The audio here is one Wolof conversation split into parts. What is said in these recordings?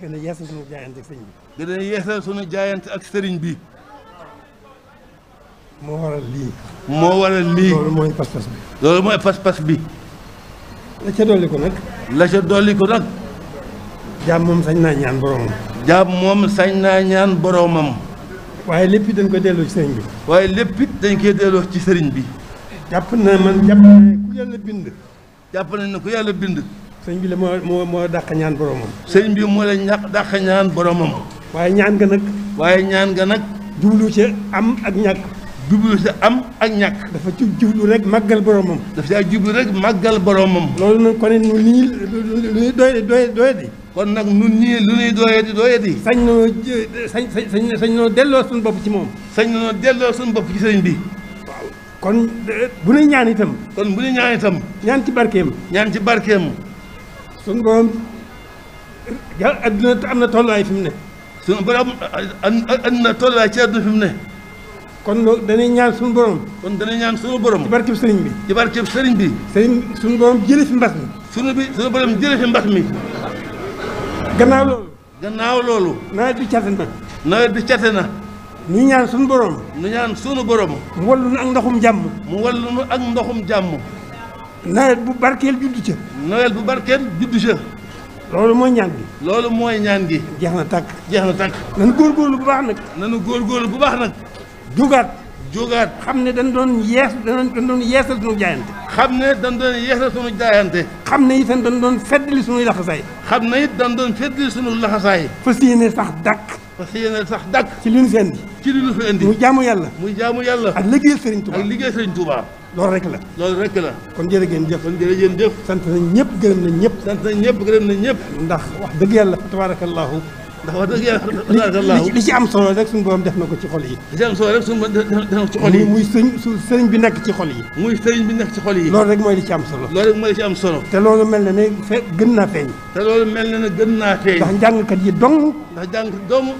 gën a yeesal sunu jaayante ak sëriñ bi. gën a yeesal sunu jaayante ak sëriñ bi. moo waral lii. moo waral lii. loolu mooy pas-pas bi. loolu mooy pas-pas bi. la ca dolli ko nag. la ca dolli ko nag. jaam moom sañ naa ñaan boromam. jaam moom sañ naa ñaan boromam. waaye lépp dañ koy delloo ci sëriñ bi. waaye lépp it dañ koy delloo ci sëriñ bi. jàpp na man jàpp na ku yàlla bind. jàpp na ne ku yàlla bind. sëñ bi la moo moo moo dàq ñaan boromam. sëñ bi moo la ñàkk dàq ñaan boromam. waaye ñaan nga nag. waaye ñaan nga nag. jublu ci am ak ñàkk. jublu ci am ak ñàkk. dafa ci jublu rek màggal boromam. dafa caa jublu rek màggal boromam. loolu nag kon it ñun nii lu ñuy doy doy kon nag ñun nii lu ñuy doyee di doyee sañ noo sañ sañ sañ noo delloo suñu bopp ci moom. sañ noo delloo suñ bopp ci sëñ bi. waaw kon bu nuy ñaan itam. kon bu nuy ñaan itam. ñaan ci barkeem. ñaan ci barkeem. suñu borom adduna am na tolluwaay fi mu ne. suñu borom adduna tolluwaay ci adduna fi mu ne. kon loolu dañuy ñaan suñu borom. kon dañuy ñaan suñu borom. ci barkeb sëriñ bi. ci barkeb sëriñ bi. sëriñ suñu borom jëlee fi mbas mi. suñu bi suñu borom jëlee fi mbas mi. gannaaw loolu. gannaaw loolu. nawet bi cate na. nawet bi cate na. ñu ñaan suñu borom. ñu ñaan sunu borom. mu wallu nu ak ndoxum jàmm. mu wallu nu ak ndoxum jàmm. nawet bu barkeel juddu ca. nawet bu barkeel juddu ca. loolu mooy ñaan gi. loolu mooy ñaan gi. jeex na tàkk. jeex na tàkk. nanu góorgóorlu bu baax nag. nanu góorgóorlu bu baax nag. jógaat. jógaat xam ne dañ doon yees dañ doon yeesal suñu jaayante. xam ne dañ doon yeesal suñu jaayante. xam ne itam dañ doon feddali suñuy laxasaay. xam ne it dañ doon feddali sunu laxasaay. fas yéene sax dàkk. fas yéene sax dàkk. ci li seen fi ci li ñu fi indi. muy jaamu yàlla. muy jaamu yàlla. ak liggéey Sëriñ Tuuba ak liggéey Sëriñ Tuuba. loolu rek la. loolu rek la. kon jërë ngeen jëf. kon jërë ngeen jëf. sant nañ ñëpp gërëm nañ ñëpp. sant nañ ñëpp gërëm nañ ñëpp. ndax wax dëgg yàlla tabaarakallaahu. ndax wax dëgg yàlla tabaarakallaahu. li ci am solo rek suñu borom def na ko ci xol yi. li ci am solo rek suñu borom def na ko ci xol yi. muy sëñ su sëriñ bi nekk ci xol yi. muy sëriñ bi nekk ci xol yi. loolu rek mooy li ci am solo. loolu rek mooy li ci am solo. te loolu mel na ne fe gën naa feeñ. te loolu mel na ne gën naa feeñ. ndax njàngkat yi dong. ndax jàng dong.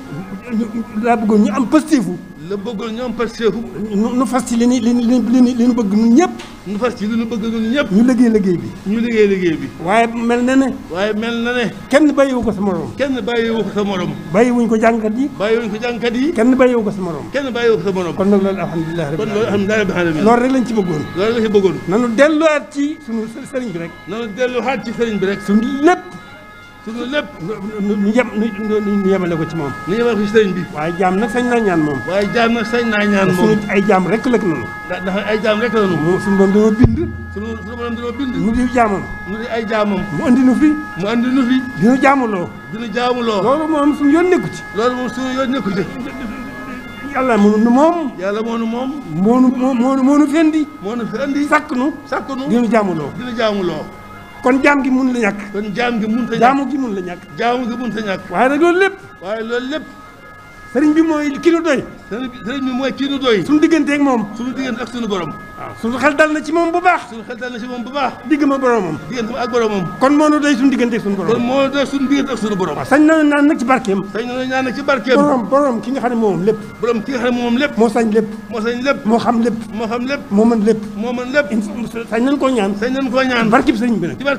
laa bëggoon ñu am positif la bëggoon ñoom parce que nu fas ci li ni li ni li nu bëgg ñun ñëpp nu fas ci ñu liggéey liggéey bi ñu liggéey liggéey bi waaye mel na ne waaye mel na ne kenn bàyyiwu ko sa morom kenn bàyyiwu ko sa morom bàyyiwuñ ko jàngkat yi bàyyiwuñ ko jàngkat yi kenn bàyyiwu ko sa morom kenn bàyyiwu ko sa morom kon loolu alhamdulilah kon loolu alhamdulilah loolu rek lañ ci bëggoon loolu lañ ci bëggoon nanu delluwaat ci sunu sëriñ bi rek nanu delluwaat ci sëriñ bi rek suñu lépp loolu lépp. ñu yem ñu yemale ko ci moom. ñu yemale bi. waaye jaam na sañ naa ñaan moom. waaye jaam nag sañ naa ñaan moom. ay jaam rek la noonu. ndax ay jaam rek la noonu. moom suñu doon dañoo bind. suñu suñu doon dañoo bind. mu di jaamam. mu di ay jaamam. mu andi nu fi. mu nu fi. dina jaamuloo. dina jaamuloo. loolu moom suñu yoon nekku ci. loolu moom suñu yoon nekku ci. yàlla moonu moom. yàlla moonu moom. moonu moonu moonu fendi. moonu fendi. sakk nu. sakk nu dina jaamuloo. dina jaamuloo. kon jaam gi mun la ñàkk. kon jaam gi mun la ñàkk jaamu gi mun la ñàkk. jaamu gi mun la ñàkk. waaye loolu lépp. waaye loolu lépp. sëriñ bi mooy ki lu sëriñ bi mooy kii moom suñu diggante ak suñu borom waaw suñu xel dal na ci moom bu baax suñu xel dal na ci moom bu baax digg ma boromam diggante ak boromam kon moo nu doy suñu diggante ak sañ na naan nag ci barkeem sañ na nag ci barkeem borom ki nga xam moom lépp moo sañ lépp moo sañ lépp moo xam lépp moo xam lépp moo mën sañ nañ koo ñaan sañ nañ koo ñaan barkeb sëriñ bi nag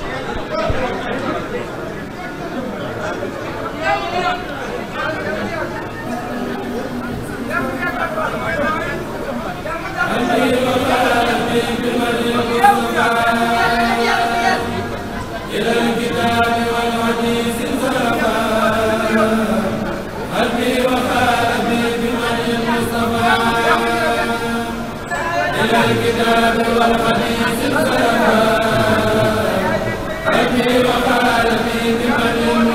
ci وقال في بمن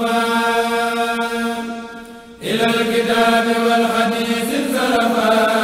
الأمام إلى الكتاب والحديث السلفان